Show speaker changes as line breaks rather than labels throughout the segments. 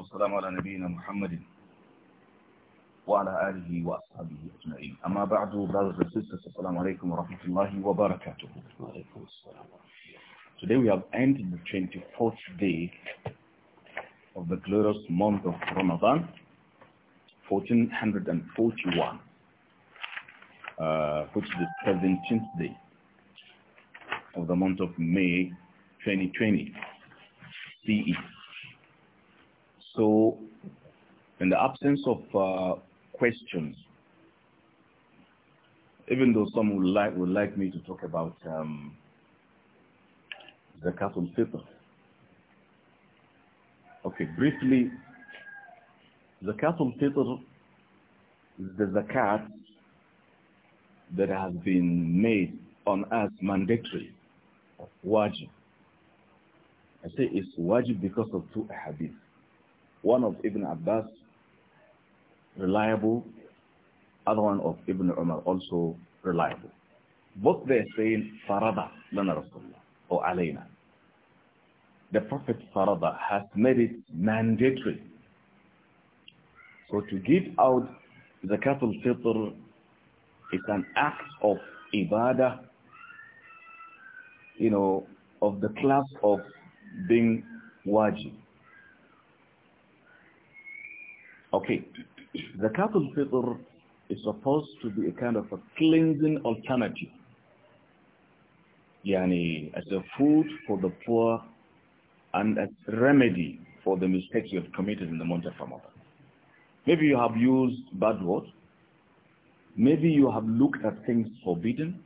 والسلام على نبينا محمد وعلى آله وأصحابه أجمعين أما بعد brothers and sisters السلام عليكم ورحمة الله وبركاته وعليكم السلام Today we have ended the 24th day of the glorious month of Ramadan 1441 uh, which is the 17th day of the month of May 2020 CE so, in the absence of uh, questions, even though some would like, would like me to talk about um, zakat al Okay, briefly, zakat al paper is the zakat that has been made on us mandatory, wajib. I say it's wajib because of two hadiths. One of Ibn Abbas, reliable. Other one of Ibn Umar, also reliable. Both they are saying, Farada lana Rasulullah, or alayna. The Prophet Farada has made it mandatory. So to give out the cattle Fitr is an act of ibadah, you know, of the class of being wajib. Okay. Zakatul Fitr is supposed to be a kind of a cleansing alternative. Yani, as a food for the poor and as remedy for the mistakes you have committed in the month of Ramadan. Maybe you have used bad words. Maybe you have looked at things forbidden.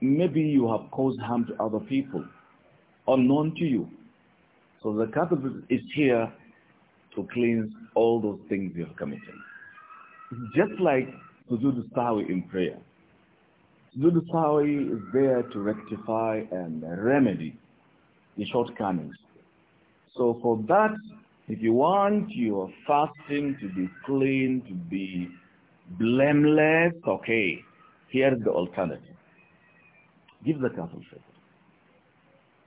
Maybe you have caused harm to other people unknown to you. So the Catholic is here to cleanse all those things you have committed. just like to do the sawi in prayer. To do the sawi is there to rectify and remedy the shortcomings. So for that, if you want your fasting to be clean, to be blameless, okay, here's the alternative. Give the al-fitr.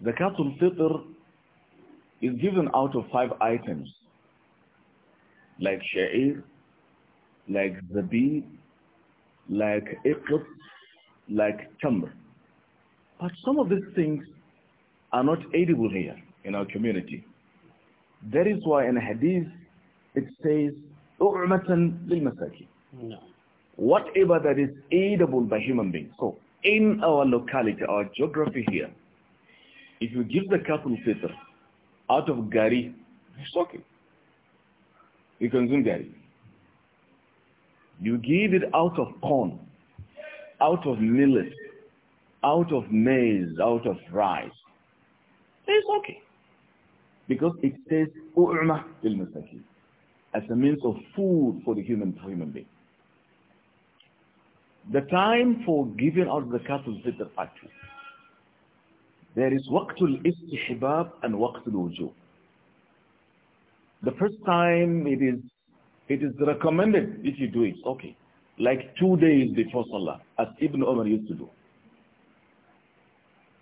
The al-fitr is given out of five items like sha'ir, like zabi, like iqt, like tamr. But some of these things are not edible here in our community. That is why in hadith it says, أُعْمَةً لِلْمَسَاكِينَ no. Whatever that is edible by human beings. So in our locality, our geography here, if you give the cattle fitr out of gari, it's okay you consume gari. You give it out of corn, out of millet, out of maize, out of rice. It's okay. Because it says, U'ma bil as a means of food for the human, for human being. The time for giving out the cattle is the factory. There is waqtul istihbab and waqtul wujub. The first time it is, it is recommended if you do it, okay. Like two days before Salah, as Ibn Umar used to do.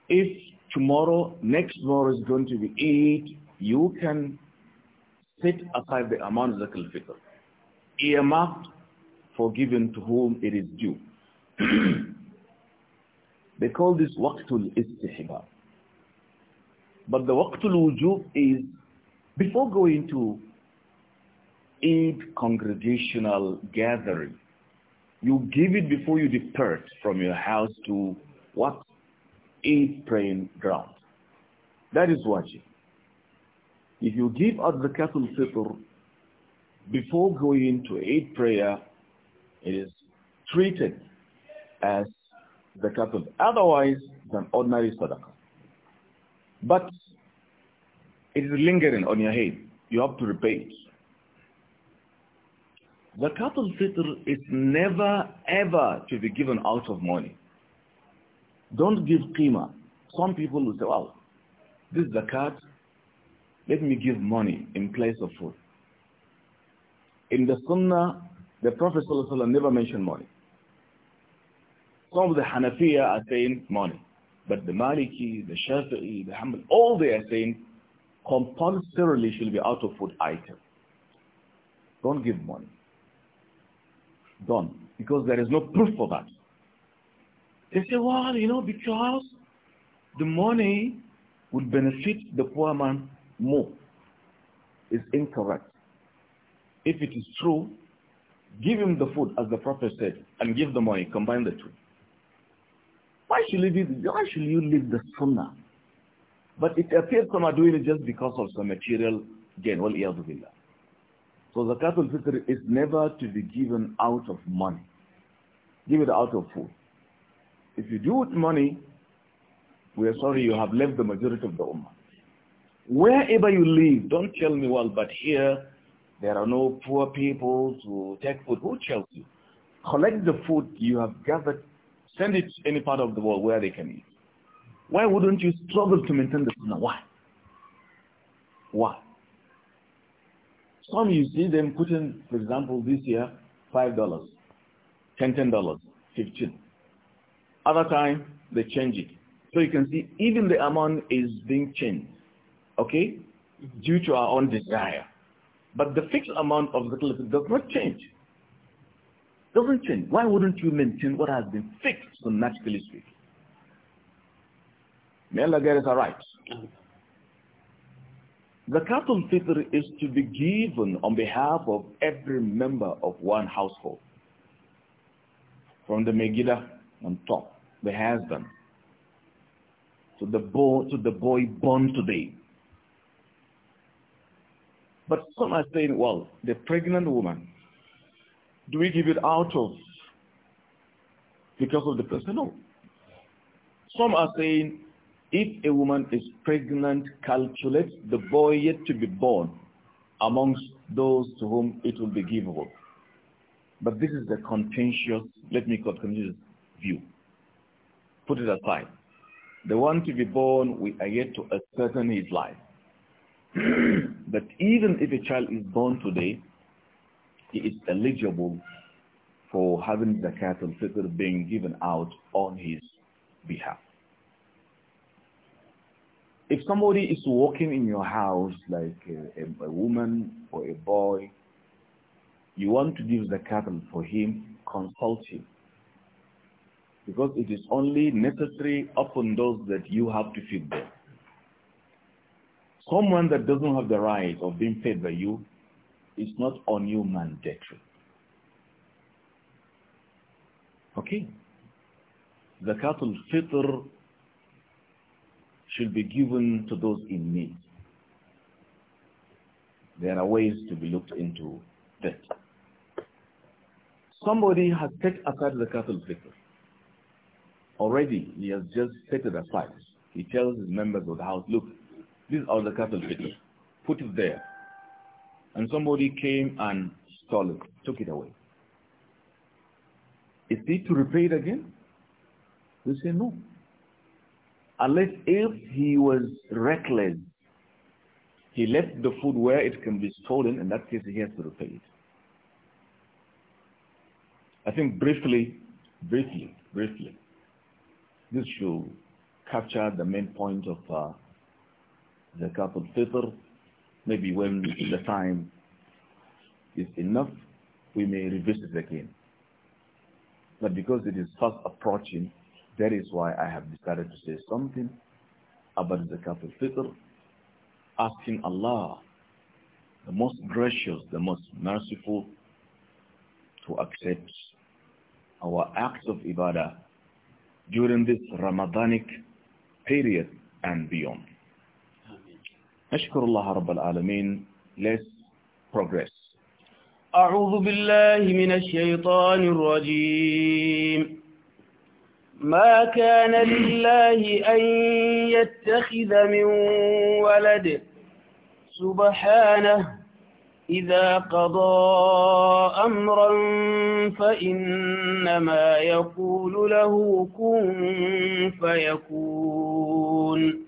If tomorrow, next tomorrow is going to be Eid, you can set aside the amount of Zakal Fitr, earmarked for giving to whom it is due. they call this Waqtul Istihbab. But the Waqtul Wujub is before going to Eid congregational gathering, you give it before you depart from your house to what? Eid praying ground. That is wajib. If you give out the Catholic fitr before going to Eid prayer, it is treated as the Catholic, otherwise than ordinary sadaqah. But it is lingering on your head. You have to repay it. Zakat al-Fitr is never ever to be given out of money. Don't give qima. Some people will say, well, this zakat, let me give money in place of food. In the sunnah, the Prophet ﷺ never mentioned money. Some of the Hanafiya are saying money. But the Maliki, the Shafi'i, the Hanbal, all they are saying compulsorily she'll be out of food item. Don't give money. Don't. Because there is no proof for that. They say, well, you know, because the money would benefit the poor man more. Is incorrect. If it is true, give him the food as the prophet said and give the money. Combine the two. Why should you leave, why should you leave the sunnah but it appears some are doing it just because of some material gain. وَالْإِيَاذُ So zakatul fitr is never to be given out of money. Give it out of food. If you do with money, we are sorry you have left the majority of the ummah. Wherever you live, don't tell me, well, but here there are no poor people to take food. Who tells you? Collect the food you have gathered, send it to any part of the world where they can eat. Why wouldn't you struggle to maintain the sunnah? Why? Why? Some you see them putting, for example, this year, $5, $10, dollars 15 Other time, they change it. So you can see even the amount is being changed, okay, mm-hmm. due to our own desire. But the fixed amount of the zakah does not change. Doesn't change. Why wouldn't you maintain what has been fixed, so naturally speaking? May Allah get The right. Fitr is to be given on behalf of every member of one household. From the Megiddo on top, the husband, to the boy, to the boy born today. But some are saying, well, the pregnant woman, do we give it out of because of the person? No. Some are saying if a woman is pregnant, calculate the boy yet to be born amongst those to whom it will be giveable. But this is the contentious, let me call contentious view. Put it aside. The one to be born, we are yet to ascertain his life. but even if a child is born today, he is eligible for having the cattle fitr being given out on his behalf if somebody is walking in your house, like a, a, a woman or a boy, you want to give the cattle for him, consult him. Because it is only necessary upon those that you have to feed them. Someone that doesn't have the right of being fed by you is not on you mandatory. Okay? The cattle Fitr should be given to those in need. There are ways to be looked into that. Somebody has set aside the cattle figure. Already, he has just set it aside. He tells his members of the house, look, these are the cattle figures. Put it there. And somebody came and stole it, took it away. Is it to repay it again? They say no. Unless if he was reckless, he left the food where it can be stolen, in that case he has to repay it. I think briefly, briefly, briefly, this should capture the main point of uh, the couple fitr. Maybe when the time is enough, we may revisit again. But because it is fast approaching, that is why I have decided to say something about the Zakat al-Fitr, asking Allah, the most gracious, the most merciful, to accept our acts of ibadah during this Ramadanic period and beyond. أشكر الله رب العالمين Let's progress.
أعوذ بالله من الشيطان الرجيم ما كان لله أن يتخذ من ولد سبحانه إذا قضى أمرا فإنما يقول له كن فيكون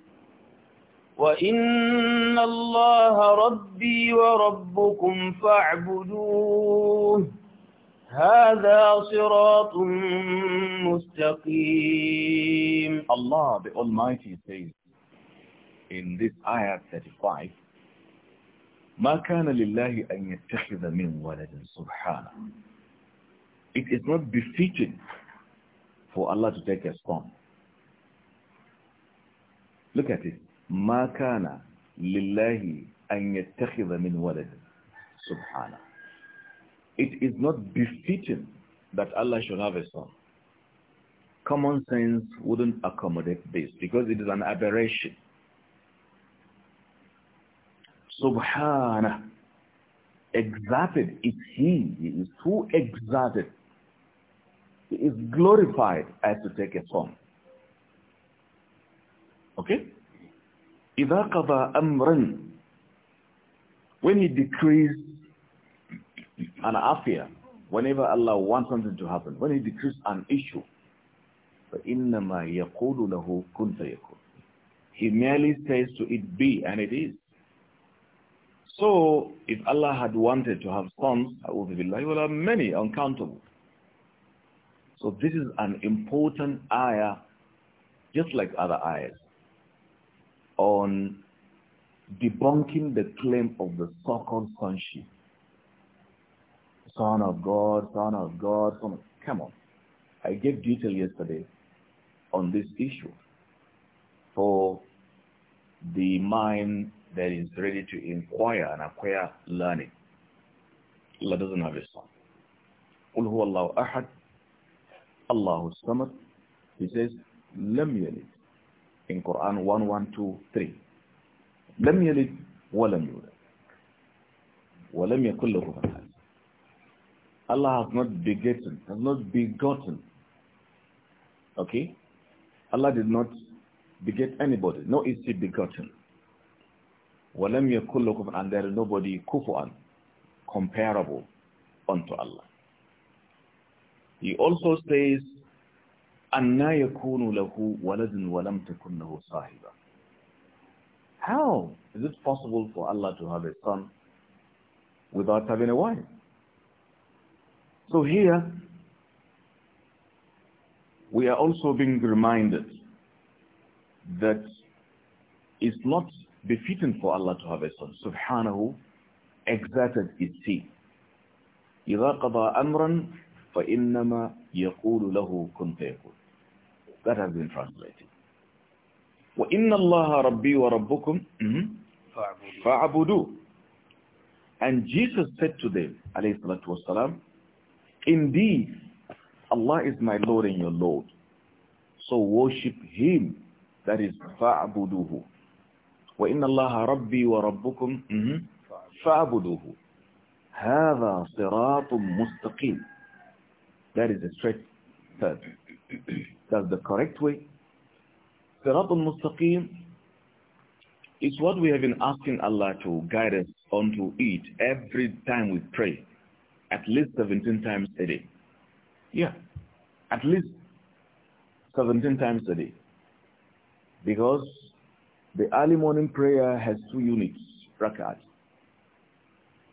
وإن الله ربي وربكم فاعبدوه هذا صراط مستقيم Allah the Almighty
says in this ayah 35 ما كان لله أن يتخذ من ولد سبحانه It is not befitting for Allah to take a son. Look at it. ما كان لله أن يتخذ من ولد سبحانه It is not befitting that Allah should have a son. Common sense wouldn't accommodate this because it is an aberration. Subhana. Exalted is He. He is who exalted. He is glorified as to take a son. Okay? إِذَا قَضَى أَمْرًا When he decrees an afia, whenever Allah wants something to happen, when He decrees an issue, فَإِنَّمَا يَقُولُ لَهُ كُنْ فَيَكُونَ He merely says to it be, and it is. So, if Allah had wanted to have sons, he would have many, uncountable. So this is an important ayah, just like other ayahs, on debunking the claim of the so-called sonship Son of God, Son of God, Son of Come on. I gave detail yesterday on this issue for the mind that is ready to inquire and acquire learning. Allah doesn't have a son. قل هو الله أحد الله الصمد He says لم يلد in Quran 1123 لم يلد ولم يولد ولم يكن له كفوا Allah has not begotten, has not begotten. Okay? Allah did not beget anybody, nor is he begotten. وَلَمْ يَكُلْ And there is nobody kufu'an, comparable unto Allah. He also says, أَنَّا يَكُونُ لَهُ وَلَدٍ وَلَمْ تَكُنْ لَهُ صَاحِبًا How is it possible for Allah to have a son without having a wife? So here, we are also being reminded that it's not befitting for Allah to have a son. Subhanahu exerted his seat. إِذَا قَضَى أَمْرًا فَإِنَّمَا يَقُولُ لَهُ كُنْ فَيَقُولُ That has been translated. وَإِنَّ اللَّهَ رَبِّي وَرَبُّكُمْ فَاعْبُدُوا And Jesus said to them, alayhi salatu wasalam, Indeed, Allah is my Lord and your Lord. So worship Him. That is فَعْبُدُوهُ وَإِنَّ اللَّهَ رَبِّي وَرَبُّكُمْ فَعْبُدُوهُ هَذَا صِرَاطٌ مُسْتَقِيمٌ That is the straight path. That's the correct way. صِرَاطٌ مُسْتَقِيمٌ is what we have been asking Allah to guide us onto it every time we pray at least 17 times a day. Yeah, at least 17 times a day. Because the early morning prayer has two units, rakat.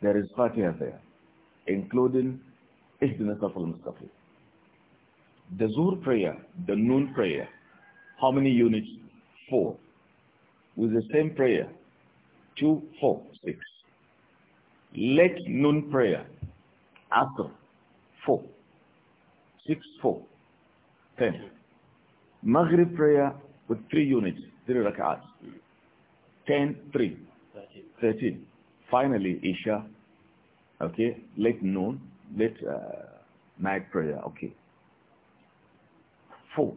There is Fatiha there, including Ihdina Safal Mustafi. The Zuhr prayer, the noon prayer, how many units? Four. With the same prayer, two, four, six. Late noon prayer, after 4. 6, 4. 10. Maghrib prayer with 3 units, 3 rak'at. 10, 3. 13. Finally, Isha, okay, late noon, late uh, night prayer, okay. 4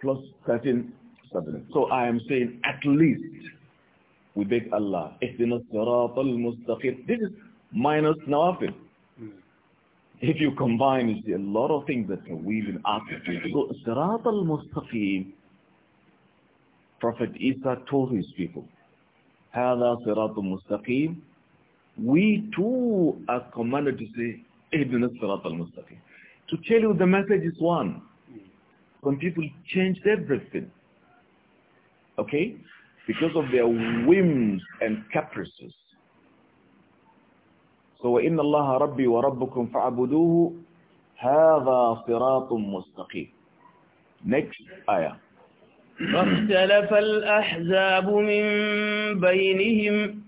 plus 13, So I am saying at least we beg Allah. This is minus nawafil. If you combine, you see a lot of things that are weaving up, So, Sirat al-Mustaqim, Prophet Isa told his people, هَذَا صِرَاطُ مُسْتَقِيمٌ We too are commanded to say, إِهْدِنَا الصِّرَاطَ الْمُسْتَقِيمٌ To tell you the message is one. When people changed everything, okay, because of their whims and caprices, هو وَإِنَّ اللَّهَ رَبِّي وَرَبُّكُمْ فَعَبُدُوهُ هَذَا صِرَاطٌ مُسْتَقِيمٌ Next آية
فاختلف الأحزاب من بينهم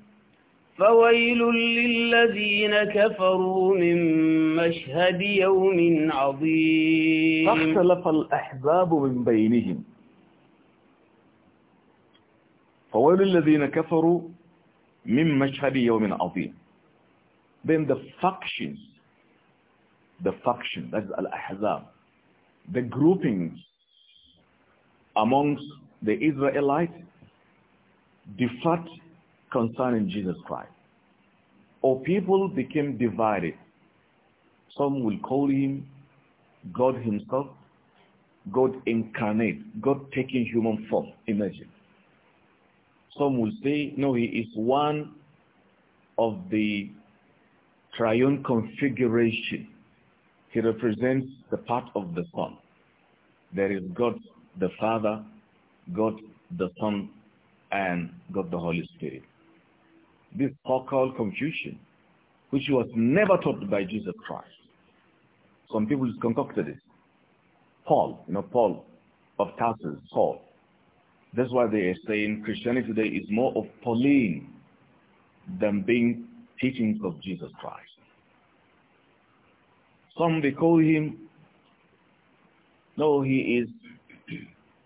فويل للذين كفروا من مشهد يوم عظيم فاختلف
الأحزاب من بينهم فويل للذين كفروا من مشهد يوم عظيم Then the factions, the faction, that is Al-Ahzab, the groupings amongst the Israelites differed concerning Jesus Christ. Or people became divided. Some will call him God himself, God incarnate, God taking human form. Imagine. Some will say, no, he is one of the triune configuration, he represents the part of the Son. There is God the Father, God the Son, and God the Holy Spirit. This so-called confusion, which was never taught by Jesus Christ. Some people concocted it. Paul, you know, Paul of Tarsus, Paul. That's why they are saying Christianity today is more of Pauline than being teachings of Jesus Christ. Some they call him, no, he is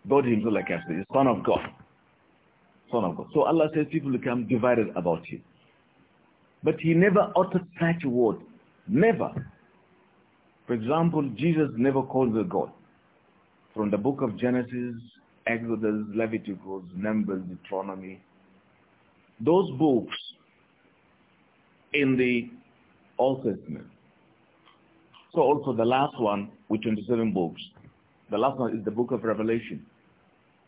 God himself, like I said, Son of God. Son of God. So Allah says people become divided about him. But he never uttered such a word. Never. For example, Jesus never called the God. From the book of Genesis, Exodus, Leviticus, Numbers, Deuteronomy, those books in the Old Testament. So also the last one with 27 books, the last one is the book of Revelation.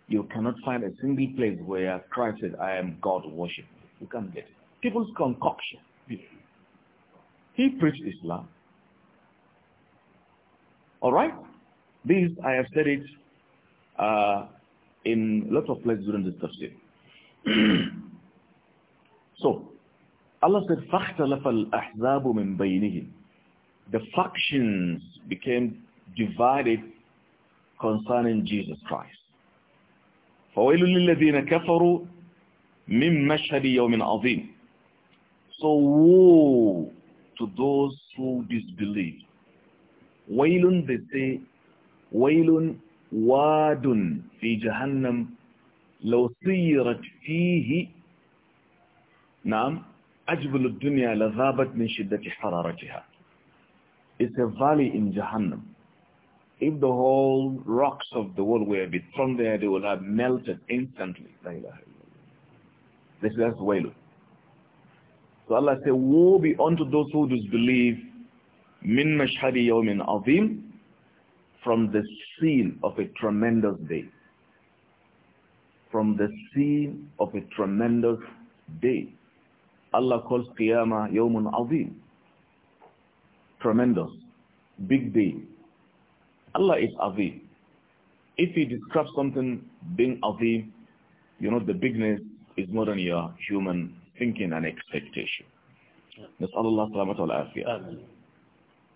You cannot find a single place where Christ said, I am God worship. You can't get it. People's concoction. He preached Islam. All right? These, I have said it uh, in lots of places during this tafsir. so, Allah said, فَاخْتَلَفَ الْأَحْزَابُ مِنْ بَيْنِهِمْ The factions became divided concerning Jesus Christ. فَوَيْلُ لِلَّذِينَ كَفَرُوا مِنْ مَشْهَدِ يَوْمٍ عَظِيمٍ So woe to those who disbelieve. وَيْلٌ they say, وَيْلٌ وَادٌ فِي جَهَنَّمْ لَوْ سِيرَتْ فِيهِ نعم It's a valley in Jahannam. If the whole rocks of the world were to be thrown there, they would have melted instantly. This is way. So Allah said, Woe be unto those who disbelieve min mashhadi yawmin azim from the scene of a tremendous day. From the scene of a tremendous day. Allah calls Qiyamah Yawmun Azim. Tremendous. Big day. Allah is Azim. If he describes something being Azim, you know the bigness is more than your human thinking and expectation. نسأل الله سلامة of آمين.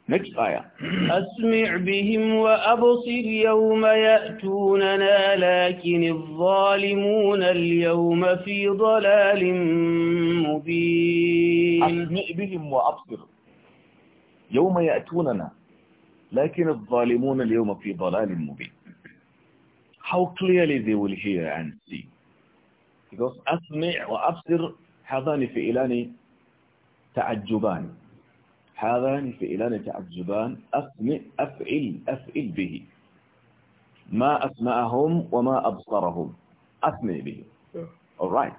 Next ayah.
أسمع بهم وأبصر يوم يأتوننا لكن الظالمون اليوم في ضلال مبين أسمع بهم وأبصر يوم
يأتوننا لكن الظالمون اليوم في ضلال مبين How clearly they will hear and see Because أسمع وأبصر هذان فئلان تعجبان هذان الفئلان تعجبان أسمع أفعل أفعل به ما أسمعهم وما أبصرهم أسمع به alright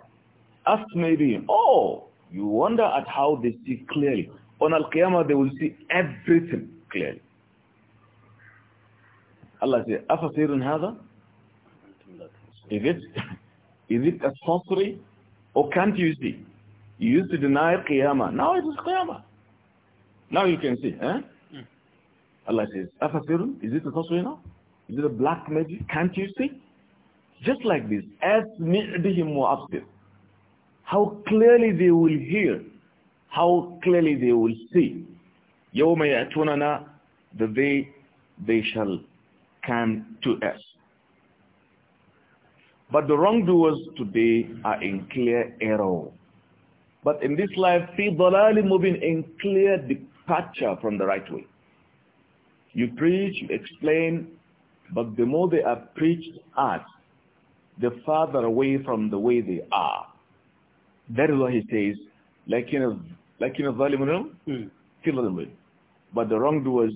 أسمع به oh you wonder at how they see clearly on Al-Qiyamah they will see everything clearly Allah says أفصير هذا is it is it a sorcery or can't you see you used to deny Qiyamah now it is Qiyamah Now you can see, eh? Mm. Allah says, Afasirun, is it a Taswina? Is it a black magic? Can't you see? Just like this, as ni'bihim wa absir. How clearly they will hear, how clearly they will see. Yawma the day they shall come to us. But the wrongdoers today are in clear error. But in this life, are dalalim moving in clear departure from the right way. You preach, you explain, but the more they are preached at, the farther away from the way they are. That is what he says, like in a like in a volume,
kill
hmm. them with. But the wrongdoers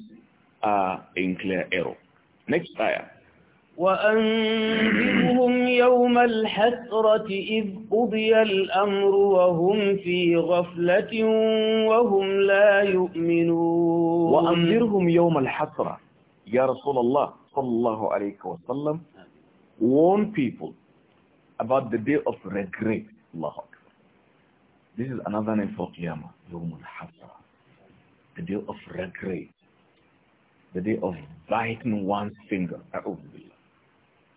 are in clear error. Next ayah.
وأنذرهم يوم الحسرة إذ قضي الأمر وهم في غفلة وهم لا يؤمنون وأنذرهم
يوم الحسرة يا رسول الله صلى الله عليه وسلم warn people about the day of regret الله أكبر This is another name for Qiyamah يوم الحسرة the day of regret the day of biting one's finger أعوذ بالله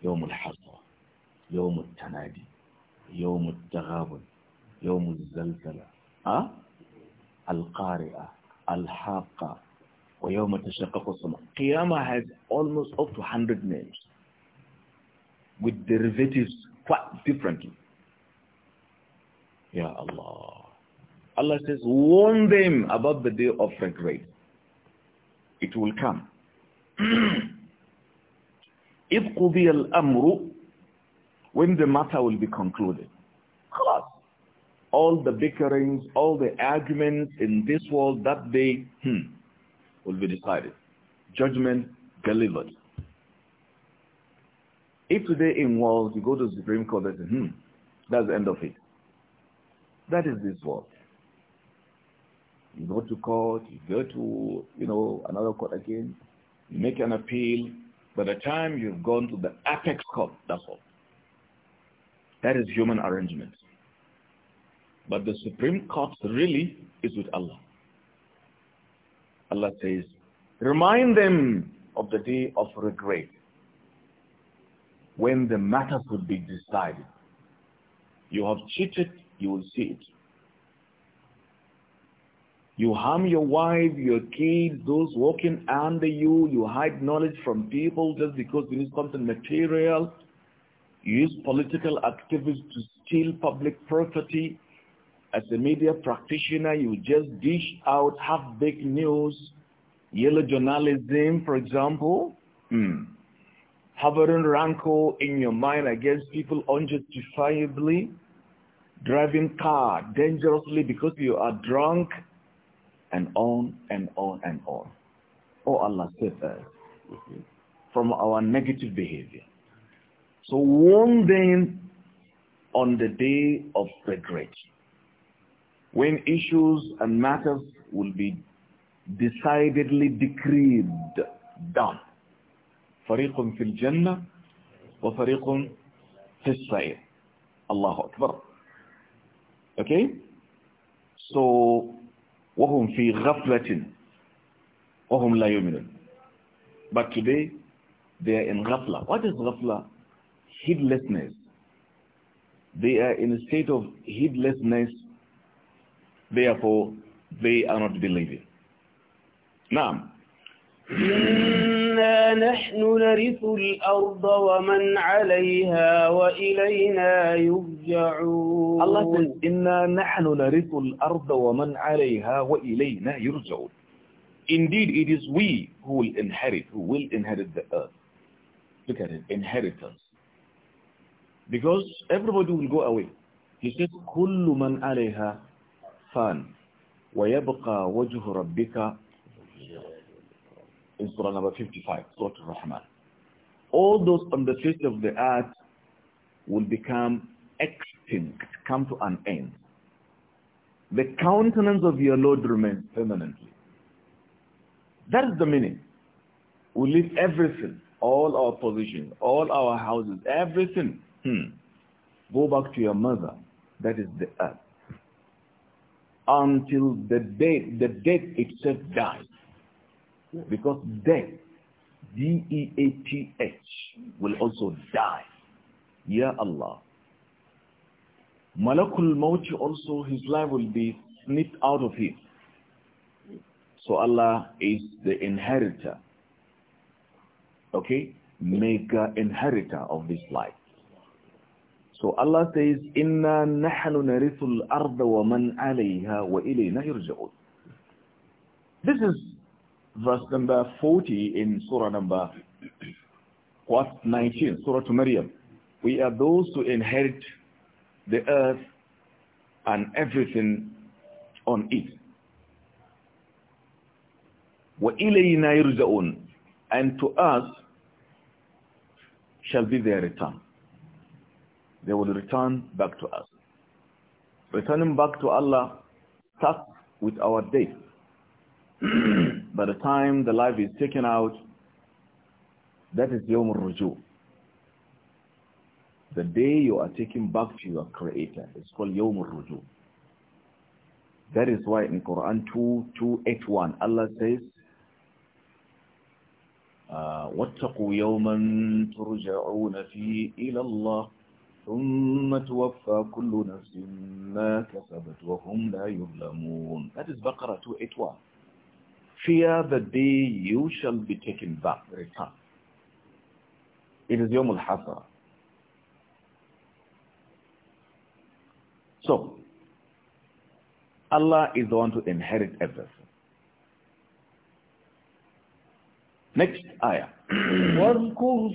يوم الحصر يوم التنادي يوم التغابن يوم الزلزلة أه؟ القارئة الحاقة ويوم تشقق السماء قيامة has almost up to 100 names with derivatives quite differently يا الله Allah says warn them about the day of regret it will come If al Amru, When the matter will be concluded. class, All the bickerings, all the arguments in this world that day hmm, will be decided. Judgment delivered. If today in world you go to the Supreme Court and say, hmm, that's the end of it. That is this world. You go to court, you go to, you know, another court again, you make an appeal, by the time you've gone to the apex cup, that's all. That is human arrangement. But the Supreme Court really is with Allah. Allah says, remind them of the day of regret when the matters will be decided. You have cheated, you will see it. You harm your wife, your kids, those working under you. You hide knowledge from people just because you need something material. You use political activists to steal public property. As a media practitioner, you just dish out half-baked news, yellow journalism, for example. Mm. Harboring rancor in your mind against people unjustifiably. Driving car dangerously because you are drunk and on and on and on. Oh Allah, save us from our negative behavior. So warn them on the day of regret, when issues and matters will be decidedly decreed done. فريق في الجنة وفريق في السعير. Allahu Akbar. Okay? So وهم في غفلة وهم لا يؤمنون but today they are in ghafla what is ghafla heedlessness they are in a state of heedlessness therefore they are not believing now
إنا نحن نرث الأرض ومن عليها وإلينا يرجعون الله إنا نحن نرث الأرض ومن عليها
وإلينا يرجعون Indeed, it is we who will inherit, who will inherit the earth. Look at it, inheritance. Because everybody will go away. He says, كل من عليها فان ويبقى وجه ربك in Surah number 55, Surah Al-Rahman. All those on the face of the earth will become extinct, come to an end. The countenance of your Lord remains permanently. That is the meaning. We leave everything, all our positions, all our houses, everything. Hmm. Go back to your mother. That is the earth. Until the day, the death itself dies. Because death, D-E-A-T-H, will also die. Ya Allah. Malakul Maut also, his life will be snipped out of him. So Allah is the inheritor. Okay? Mega inheritor of this life. So Allah says, Inna nahnu arda wa man alayha wa This is verse number 40 in surah number what 19 surah to maryam we are those who inherit the earth and everything on it وَإِلَيْنَا يُرْجَعُونَ And to us shall be their return. They will return back to us. Returning back to Allah starts with our day. by the time the life is taken out, that is Yom Ruju. The day you are taken back to your Creator is called Yom Ruju. That is why in Quran 2:281, Allah says, uh, واتقوا يوما ترجعون فيه إلى الله ثم توفى كل نفس ما كسبت وهم لا يظلمون That is Baqarah 281. Fear the day you shall be taken back, return. It is Yom al-Hasra. So, Allah is the one to inherit everything. Next ayah.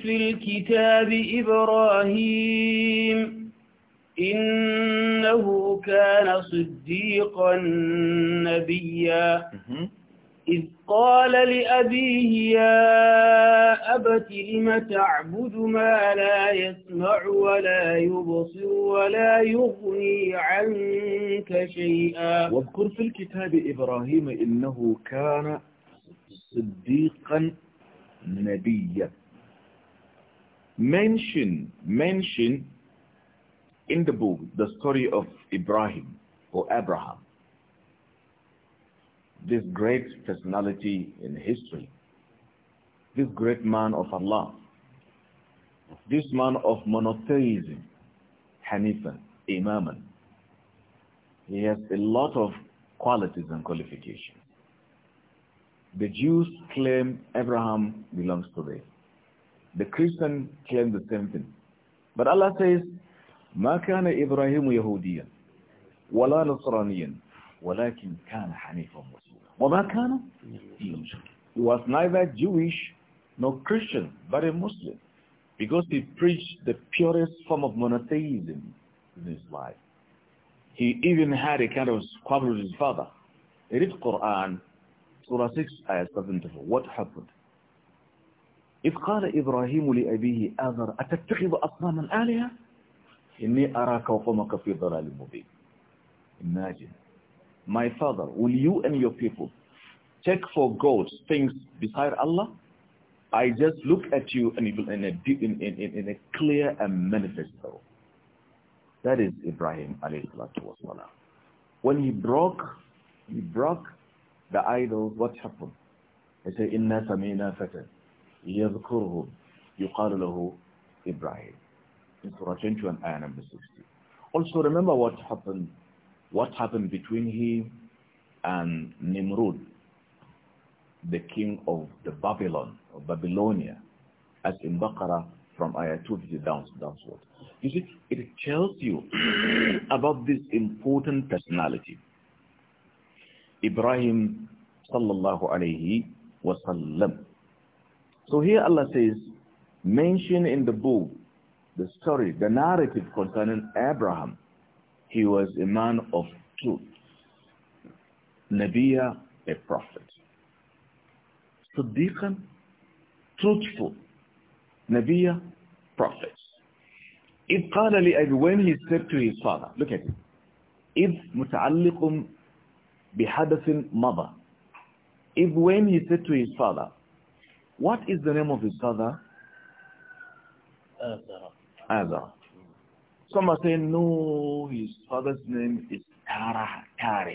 في الكتاب إبراهيم إنه كان صديقا نبيا mm-hmm. إذ قال لأبيه يا أبت لم تعبد ما لا يسمع ولا يبصر ولا يغني عنك شيئا واذكر في الكتاب
إبراهيم إنه كان صديقا نبيا mention mention in the book the story of Ibrahim or Abraham this great personality in history, this great man of Allah, this man of monotheism, Hanifa, Imaman. He has a lot of qualities and qualifications. The Jews claim Abraham belongs to them. The Christian claim the same thing. But Allah says, ما كان إبراهيم يهوديا ولا نصرانيا ولكن كان حنيفا مسلما وَمَا كَانَ He was neither Jewish nor Christian, but a Muslim, because he preached the purest form of monotheism in his life. He even had a kind of squabble with his father. He read Quran, Surah 6, Ayah 74. What happened? If قال إبراهيم لأبيه آذر أتتخذ أصناما آلهة إني أراك وقومك في ضلال مبين imagine my father, will you and your people check for gods things beside Allah? I just look at you and in a, in, in, in a clear and manifest way. That is Ibrahim والسلام. When he broke, he broke the idols, what happened? He said, Inna Samina فَتَنْ يَذْكُرْهُمْ يُقَالُ لَهُ Ibrahim. In Surah 21, ayah number 60. Also remember what happened what happened between him and Nimrud, the king of the Babylon, of Babylonia, as in Baqarah from Ayah 250 down, downward. You see, it tells you about this important personality. Ibrahim sallallahu alayhi wasallam. So here Allah says, mention in the book the story, the narrative concerning Abraham he was a man of truth. Nabiya, a prophet. Siddiqan, truthful. Nabiya, prophet. It's قال when he said to his father, look at it. إذ متعلق بحدث mother. If when he said to his father, what is the name of his father?
Azara. Azara.
Some are saying, no, his father's name is Tara, Tare.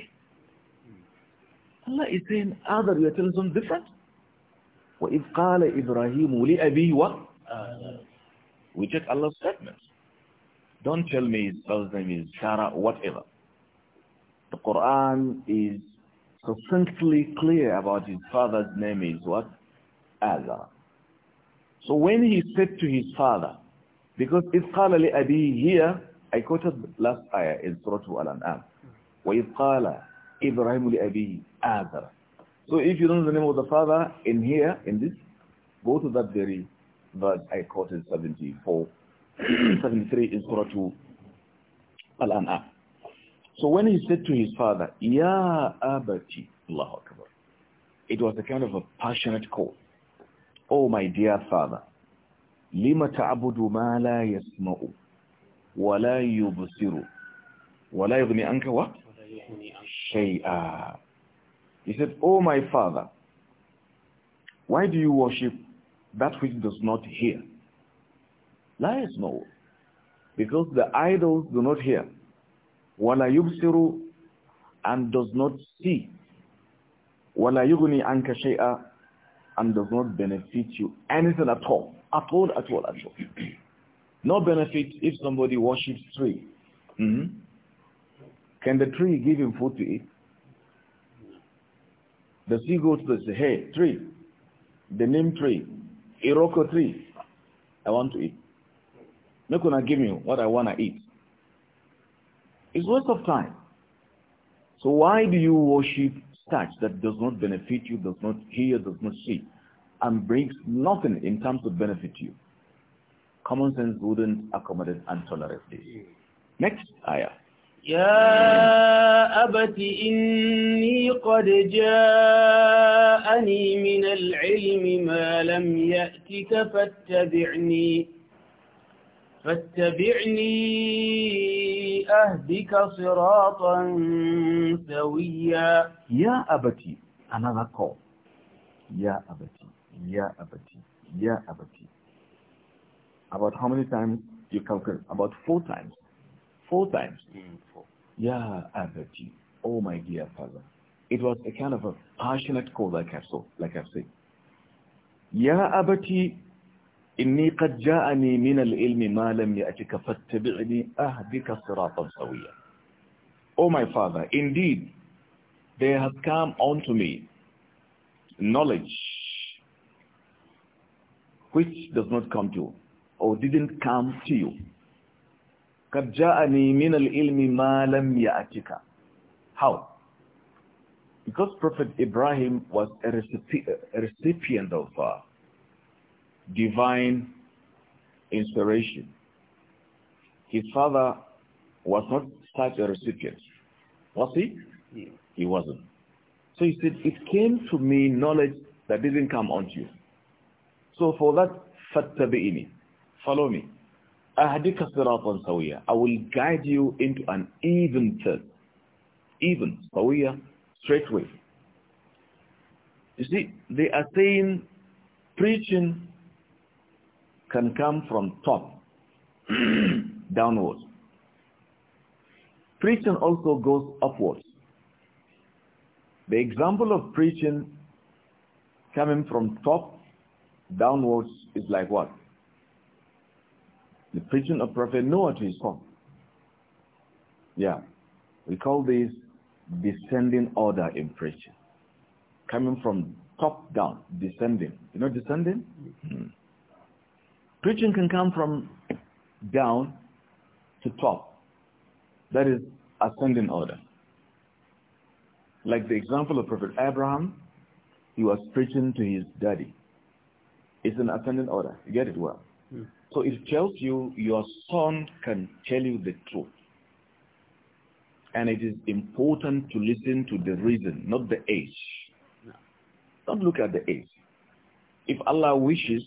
Allah is saying other, you are telling something different. وَإِذْ قَالَ لِأَبِيهِ We take Allah's statements. Don't tell me his father's name is Tara, whatever. The Quran is succinctly clear about his father's name is what? Allah. So when he said to his father, because it's قَالَ لِأَبِي here, I quoted last ayah in Surah Al-An'am. وَإِذْ قَالَ إِبْرَهِمُ لِأَبِي آذَرَ So if you don't know the name of the father in here, in this, go to that very verse I quoted 74, 73 in Surah Al-An'am. So when he said to his father, Ya Abati, Allahu Akbar, it was a kind of a passionate call. Oh my dear father, lima ta'budu ma la yasma'u wa la yubsiru wa la yughni anka wa shay'a he said oh my father why do you worship that which does not hear la yasma'u because the idols do not hear wala yubsiru and does not see wala yughni anka shay'a and does not benefit you anything at all. At all, at all, at all. no benefit if somebody worships tree. Mm -hmm. Can the tree give him food to eat? The he goes to say, hey, tree, the name tree, Iroko tree, I want to eat. gonna give me what I want to eat. It's waste of time. So why do you worship touch that does not benefit you, does not hear, does not see, and brings nothing in terms of benefit to you. Common sense wouldn't accommodate and tolerate this. Mm. Next ayah.
يا أبت إني قد جاءني من العلم ما لم يأتك فاتبعني فاتبعني أهدك صراطا سويا يا
أبتي another call يا أبتي يا أبتي يا أبتي about how many times you calculate about four times four times mm, four. يا أبتي oh my dear father it was a kind of a passionate call like I saw like I said يا أبتي إني قد جاءني من العلم ما لم يأتك فاتبعني أهدك صراطا سويا my father, indeed, there has come unto me knowledge which does not come to you or didn't come to you. قد جاءني من العلم ما لم يأتك How? Because Prophet Ibrahim was a recipient of uh, divine inspiration. His father was not such a recipient. Was he? Yeah. He wasn't. So he said, it came to me knowledge that didn't come onto you. So for that, فَاتَّبِئِنِي Follow me. أَهْدِكَ صِرَاطًا سَوِيًّا I will guide you into an even path. Even, سَوِيًّا, straightway. You see, they are saying, preaching can come from top downwards. Preaching also goes upwards. The example of preaching coming from top downwards is like what? The preaching of Prophet Noah to his home. Yeah. We call this descending order in preaching. Coming from top down, descending. You know descending? Mm -hmm. Preaching can come from down to top. That is ascending order. Like the example of Prophet Abraham, he was preaching to his daddy. It's an ascending order. You get it well. Mm. So it tells you your son can tell you the truth. And it is important to listen to the reason, not the age. No. Don't look at the age. If Allah wishes,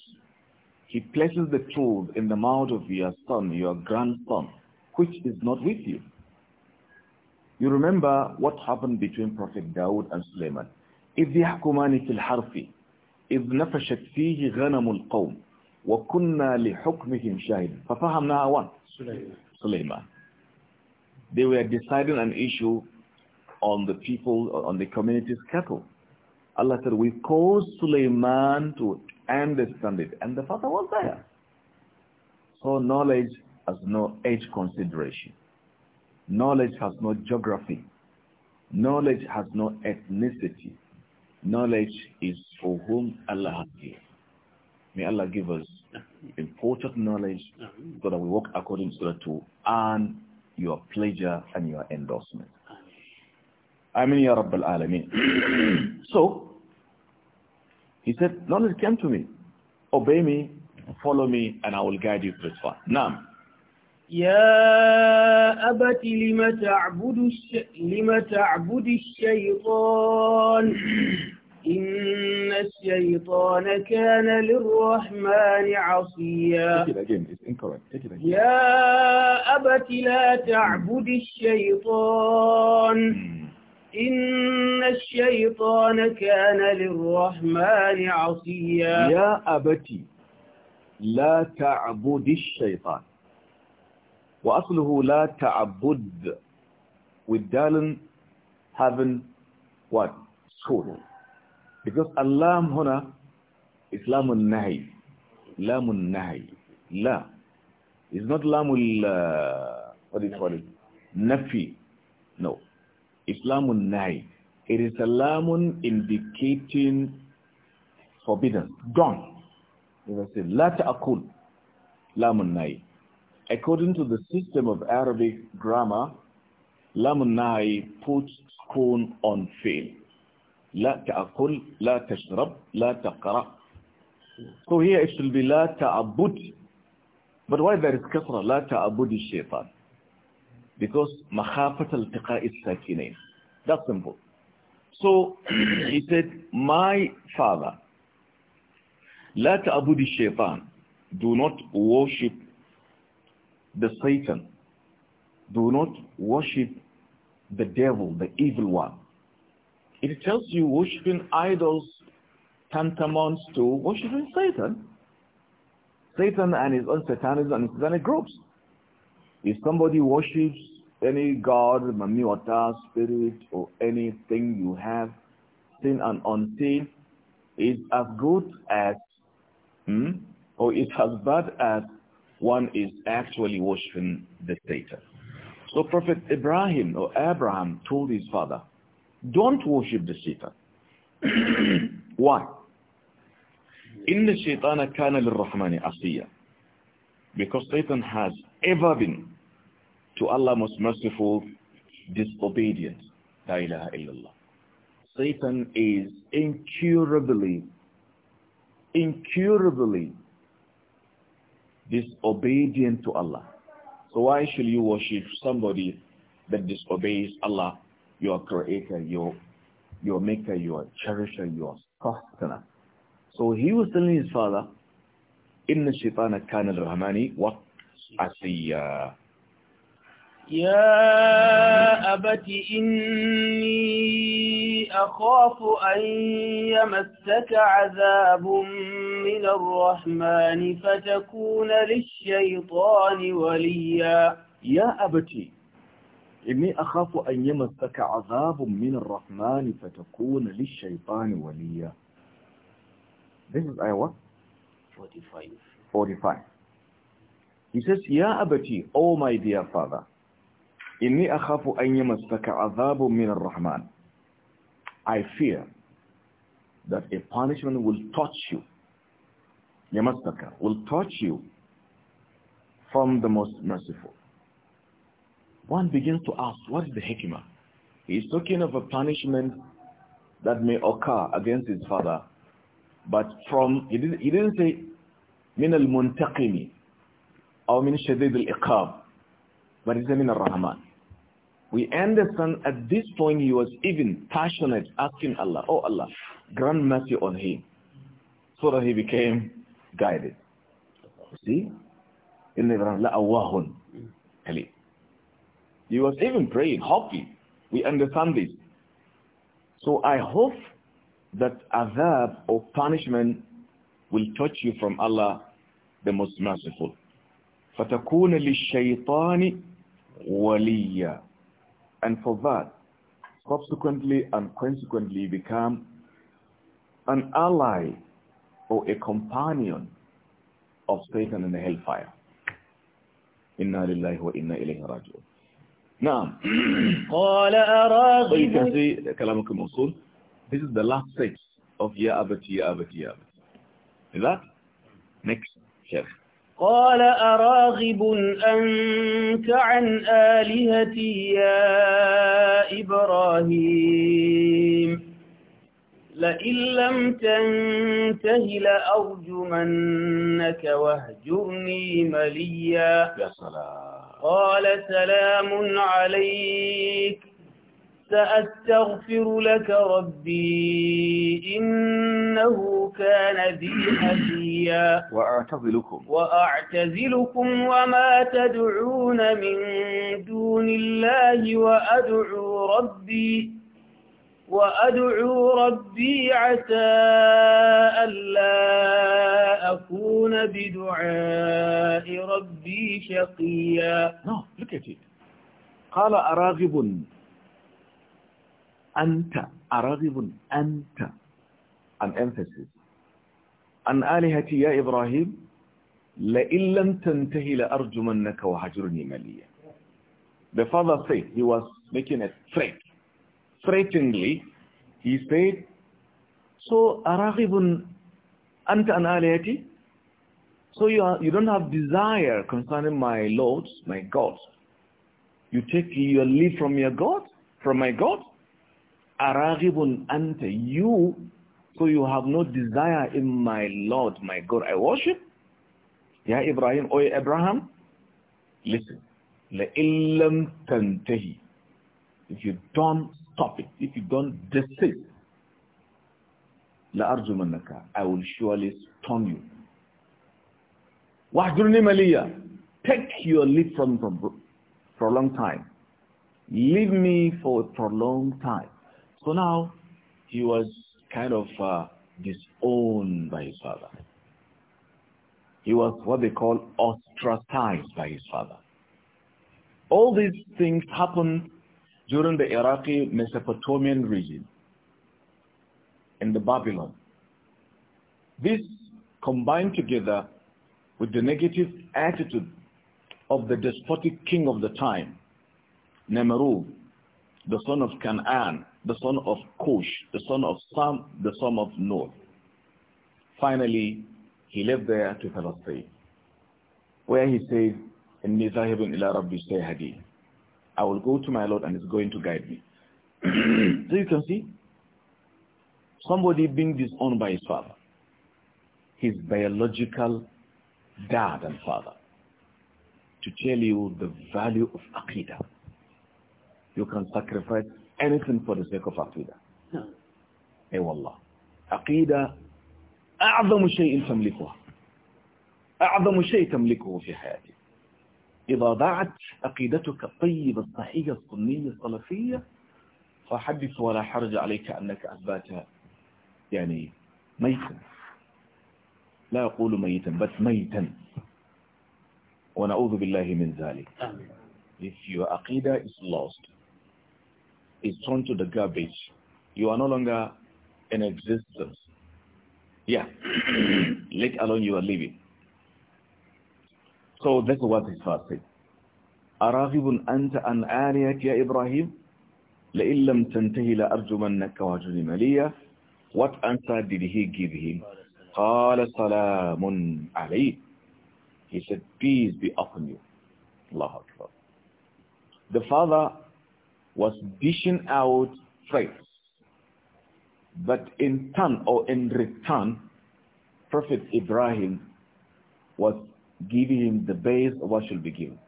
he places the truth in the mouth of your son, your grandson, which is not with you. You remember what happened between Prophet Dawood and If إذ يحكمان في الحرف إذ نفشت فيه غنم القوم وكنا لحكمهم شاهد ففهمناها one Sulaiman. They were deciding an issue on the people, on the community's cattle. Allah said, we caused Suleiman to understand it. And the father was there. So knowledge has no age consideration. Knowledge has no geography. Knowledge has no ethnicity. Knowledge is for whom Allah has given. May Allah give us important knowledge so that we walk according to that to earn your pleasure and your endorsement. Amin Ya Rabbal Alameen. So, he said, knowledge came to me. Obey me, follow me, and I will guide you to its path.
Now, يا أبت لم تعبد, الش... لم تعبد الشيطان إن الشيطان كان للرحمن عصيا يا أبت لا تعبد الشيطان إن الشيطان كان للرحمن عصيا يا أبتي
لا تعبد الشيطان وأصله لا تعبد with darling having what? school اللام هنا إسلام النهي لام النهي لا it's not لام ال uh, what do you call it نفي no Islamun lamun It is a lamun indicating forbidden. Gone. If I say, la ta'akul, lamun Nai. According to the system of Arabic grammar, lamun Nai puts scorn on fail. لا تأكل لا تشرب لا تقرأ So here it should be لا تعبد But why there is كسرة لا تعبد الشيطان because mahafatal tiqa'is sakinain. That's simple. So he said, my father, لا تعبد الشيطان Do not worship the Satan. Do not worship the devil, the evil one. It tells you worshiping idols tantamounts to worshiping Satan. Satan and his own satanism and own groups. If somebody worships any god, mamiwata, spirit, or anything you have, seen and unseen, is as good as, hmm, or is as bad as one is actually worshipping the Satan. So Prophet Ibrahim or Abraham told his father, don't worship the Satan. Why? shaitana الشَّيْطَانَ كَانَ لِلرَّحْمَنِ عَصِيًّا Because Satan has ever been to Allah most merciful, disobedient. La ilaha illallah. Satan is incurably, incurably disobedient to Allah. So why should you worship somebody that disobeys Allah, your creator, your, your maker, your cherisher, your sustainer? So he was telling his father, إِنَّ الشَّيْطَانَ كَانَ الرَّحْمَانِ وَقْعَسِيَّا
يا أبت إني أخاف أن يمسك عذاب من الرحمن فتكون للشيطان وليا يا أبت
إني أخاف أن يمسك عذاب من الرحمن فتكون للشيطان وليا This is Ayah what? 45 45 He says, Ya Abati, oh my dear father inni akhafu an yamassaka min ar-rahman i fear that a punishment will touch you yamassaka will touch you from the most merciful one begins to ask what is the hikmah he is talking of a punishment that may occur against his father but from he didn't, he didn't say min al-muntaqimi or min shadid al-iqab but he said min ar-rahman we understand at this point he was even passionate, asking Allah, Oh Allah, grant mercy on him. So that he became guided. See? He was even praying, hoping. We understand this. So I hope that azab or punishment will touch you from Allah, the most merciful. فَتَكُونَ لِلشَّيْطَانِ وَلِيًّا and for that, subsequently and consequently become an ally or a companion of Satan in the hellfire. Inna lillahi wa inna ilayhi raji'un. Now,
you can
see Kalamukum Usul. This is the last stage of Ya Abati, Ya Abati, Ya Abati. Is that? Next, chapter?
قال أراغب أنت عن آلهتي يا إبراهيم لئن لم تنته لأرجمنك واهجرني مليا يا سلام قال سلام عليك سأستغفر لك ربي إنه كان بي حفيا
وأعتزلكم
وأعتزلكم وما تدعون من دون الله وأدعو ربي وأدعو ربي عسى ألا أكون بدعاء ربي شقيا No, نعم،
قال أراغب anta araghibun anta an emphasis an alihati ya ibrahim la illam tantahi la arjumannaka wa hajurni maliya the father said he was making a threat threateningly he said so araghibun anta an alihati so you are, you don't have desire concerning my lords my gods you take your leave from your god from my god Araghibun anta, you, so you have no desire in my Lord, my God, I worship. Ya Ibrahim, O Abraham, listen, لَإِن لَمْ تَنْتَهِ If you don't stop it, if you don't desist, لَأَرْجُمَنَّكَ I will surely stone you. وَحْجُرْنِي مَلِيَّ Take your leave from, from, for a long time. Leave me for a prolonged time. So now he was kind of uh, disowned by his father. He was what they call ostracized by his father. All these things happened during the Iraqi Mesopotamian region in the Babylon. This combined together with the negative attitude of the despotic king of the time, Namrud, the son of Canaan, the son of Cush, the son of Sam, the son of Noah. Finally, he left there to Palestine, where he says, "In ذَاهِبٌ إِلَىٰ رَبِّي سَيْهَدِي I will go to my Lord and he's going to guide me. so you can see, somebody being disowned by his father, his biological dad and father, to tell you the value of Aqidah. You can sacrifice anything for the sake of عقيدة اي والله عقيدة أعظم شيء تملكها. أعظم شيء تملكه في حياتك. إذا ضاعت عقيدتك الطيبة الصحية السنية السلفية فحدث ولا حرج عليك أنك أثبات يعني ميتا لا أقول ميتا بس ميتا ونعوذ بالله من ذلك if your عقيدة is lost is thrown to the garbage. You are no longer in existence. Yeah, let alone you are living. So that's what his verse said. أراغب أنت عن آلهتك إبراهيم لئن لم تنتهي لأرجمنك وهجرني مليا What answer did he give him? قال سلام عَلَيْهِ He said, peace be upon you. Allah Akbar. The father was dishing out threats. But in turn or in return, Prophet Ibrahim was giving him the base of what should be given.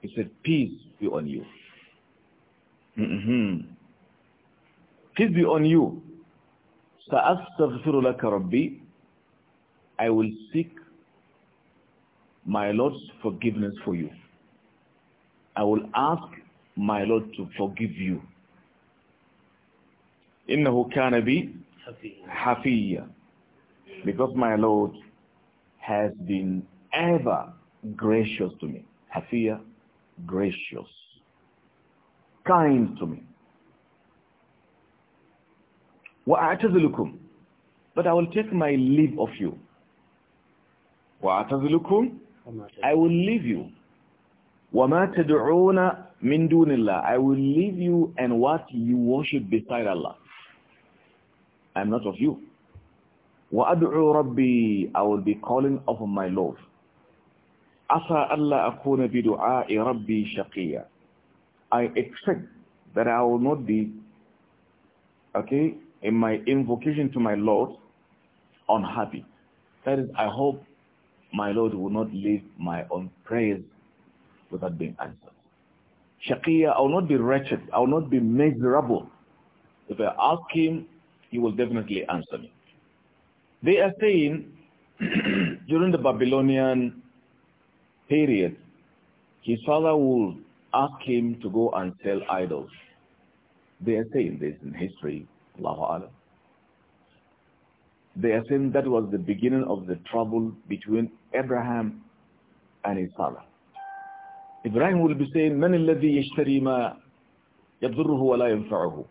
He said, peace be on you. Mm -hmm. Peace be on you. سأستغفر لك ربي. I will seek my Lord's forgiveness for you. I will ask my Lord to forgive you. إِنَّهُ كَانَ بِي حَفِيًّا Because my Lord has been ever gracious to me. Hafia, gracious. Kind to me. وَأَعْتَزِلُكُمْ But I will take my leave of you. وَأَعْتَزِلُكُمْ I will leave you. وَمَا تَدْعُونَ مِن دُونِ اللَّهِ I will leave you and what you worship beside Allah. I'm not of you. رَبِّي I will be calling of my Lord. عَسَى أَلَّا أَكُونَ بِدُعَاءِ رَبِّي شَقِيًّا I expect that I will not be, okay, in my invocation to my Lord, unhappy. That is, I hope my Lord will not leave my own prayers without being answered. Shakia, I will not be wretched. I will not be miserable. If I ask him, he will definitely answer me. They are saying, during the Babylonian period, his father will ask him to go and sell idols. They are saying this in history, Allahu They are saying that was the beginning of the trouble between Abraham and his father. Ibrahim will be saying, من الذي يشتري ما يضره ولا ينفعه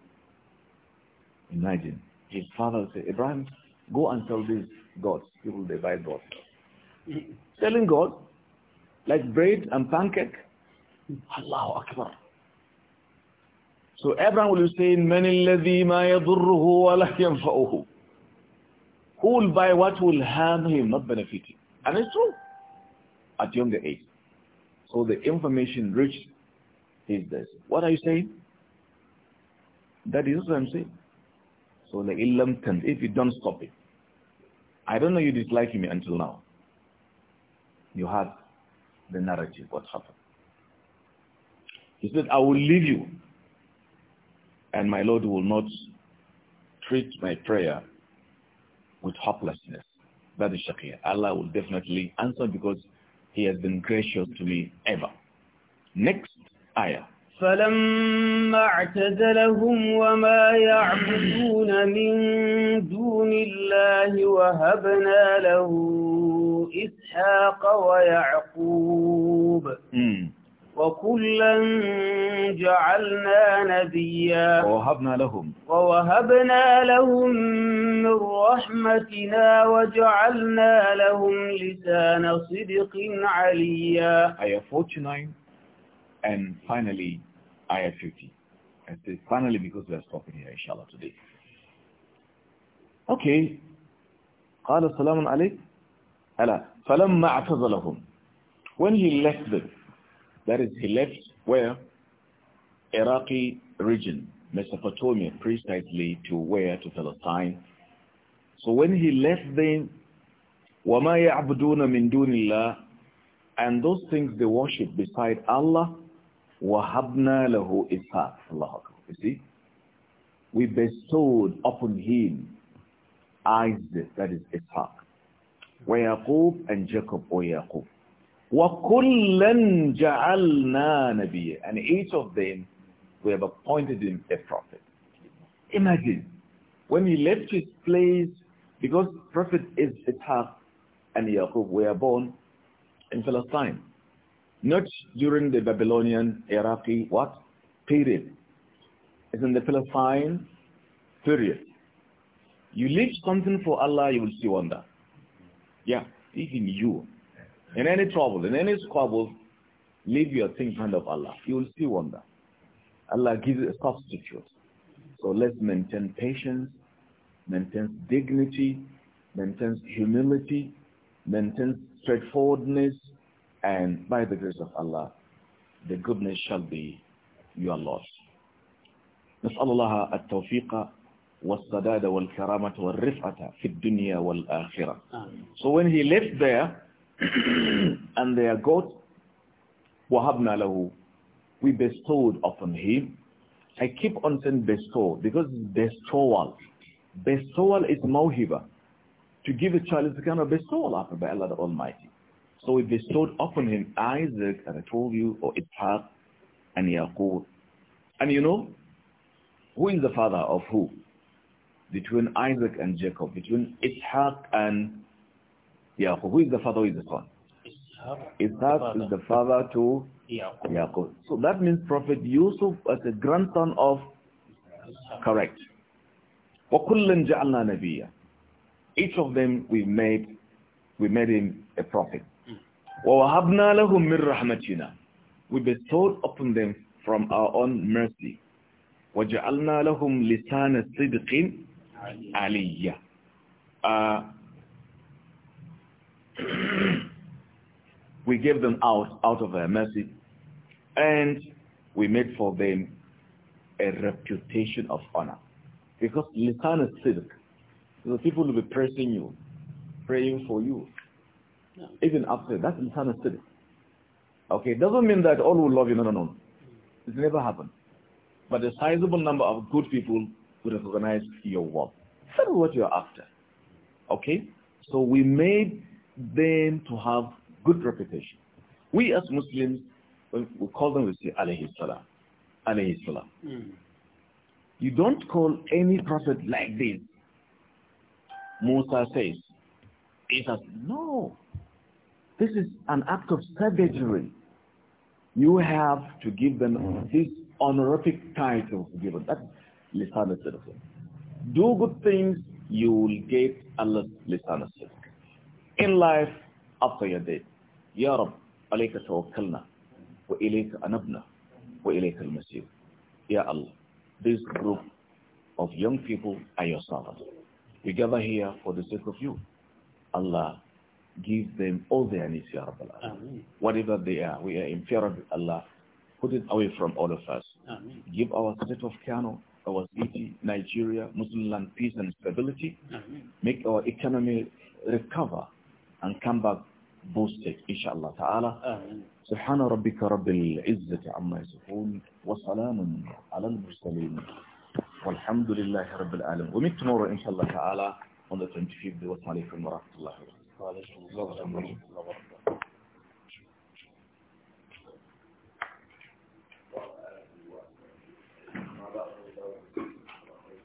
Imagine, his father said, Ibrahim, go and sell these gods. People, they buy gods. Selling gods, like bread and pancake, Allahu Akbar. So Abraham will be saying, من الذي ما يضره ولا ينفعه Who will buy what will harm him, not benefit him? And it's true. At younger age. So the information reached his this. What are you saying? That is what I'm saying. So the illam if you don't stop it. I don't know you dislike me until now. You have the narrative, what happened. He said, I will leave you and my Lord will not treat my prayer with hopelessness. That is shakir. Allah will definitely answer because he has been gracious to me ever. Next ayah.
فلما اعتزلهم وما يعبدون من دون الله وهبنا له إسحاق ويعقوب وكلا جعلنا نبيا ووهبنا لهم ووهبنا لهم من رحمتنا وجعلنا لهم لسان صدق عليا Ayah 49
and finally Ayah 50 and this finally because we are stopping here inshallah today okay قال السلام عليك ألا فلما اعتزلهم when he left them That is, he left where? Iraqi region, Mesopotamia, precisely to where? To Palestine. So when he left them, وَمَا يَعْبُدُونَ مِن دُونِ اللَّهِ And those things they worship beside Allah, وَهَبْنَا لَهُ إِسْحَاقَ Allah You see? We bestowed upon him Isaac, that is Ishaq, وَيَعْقُوب and Jacob, or وَكُلًّا جَعَلْنَا نَبِيًّا And each of them, we have appointed him a prophet. Imagine, when he left his place, because prophet is Ishaq and Yaqub were born in Palestine, not during the Babylonian, Iraqi, what? Period. It's in the Palestine period. You leave something for Allah, you will see wonder. Yeah, even you in any trouble, in any squabble, leave your things hand of Allah. You will see wonder. Allah gives a substitute. So let's maintain patience, maintain dignity, maintain humility, maintain straightforwardness, and by the grace of Allah, the goodness shall be your lot. نسأل الله التوفيق والسداد والكرامة والرفعة في الدنيا والآخرة. So when he left there, and their God, وَهَبْنَا We bestowed upon him. I keep on saying bestow because bestowal. Bestowal is mawhiba. To give a child is a kind of bestowal offered by Allah the Almighty. So we bestowed upon him Isaac, as I told you, or Ishaq, and Yaqub. And you know, who is the father of who? Between Isaac and Jacob, between Ishaq and yeah, who is the father, who is the son? Ishaq is the father to Yaqub. So that means Prophet Yusuf as a grandson of, correct. وَكُلًّا جَعَلْنَا نَبِيًّا Each of them we made, we made him a prophet. Hmm. وَوَهَبْنَا لَهُمْ مِنْ رَحْمَتِنَا We bestowed upon them from our own mercy. وَجَعَلْنَا لَهُمْ لِسَانَ صِدْقٍ عَلِيًّا uh, we gave them out out of our mercy and we made for them a reputation of honor because lisan is sidq the people will be praising you praying for you even after that's lisan is sidq okay doesn't mean that all will love you no no no it's never happened but a sizable number of good people will recognize your work that is what you're after okay so we made them to have good reputation. We as Muslims, we call them, we say, alayhi salam, alayhi salam. Mm. You don't call any prophet like this. Musa says, he says, no. This is an act of savagery. You have to give them this honorific title given. That's lisan Do good things, you will get Allah's lisan in life after your death. Ya Rab, alayka tawakkalna wa ilayka anabna wa ilayka al-masir. Ya Allah, this group of young people are your servants. We gather here for the sake of you. Allah, give them all their needs, Ya Rabbal Whatever they are, we are in fear of Allah. Put it away from all of us. Amen. Give our state of Kano, our city, Nigeria, Muslim land, peace and stability. Amen. Make our economy recover and come back boosted inshallah ta'ala سبحان ربك رب العزة عما يصفون وسلام على المرسلين والحمد لله رب العالمين ومن tomorrow inshallah ta'ala on the 25th wa alaikum wa rahmatullahi wa barakatuh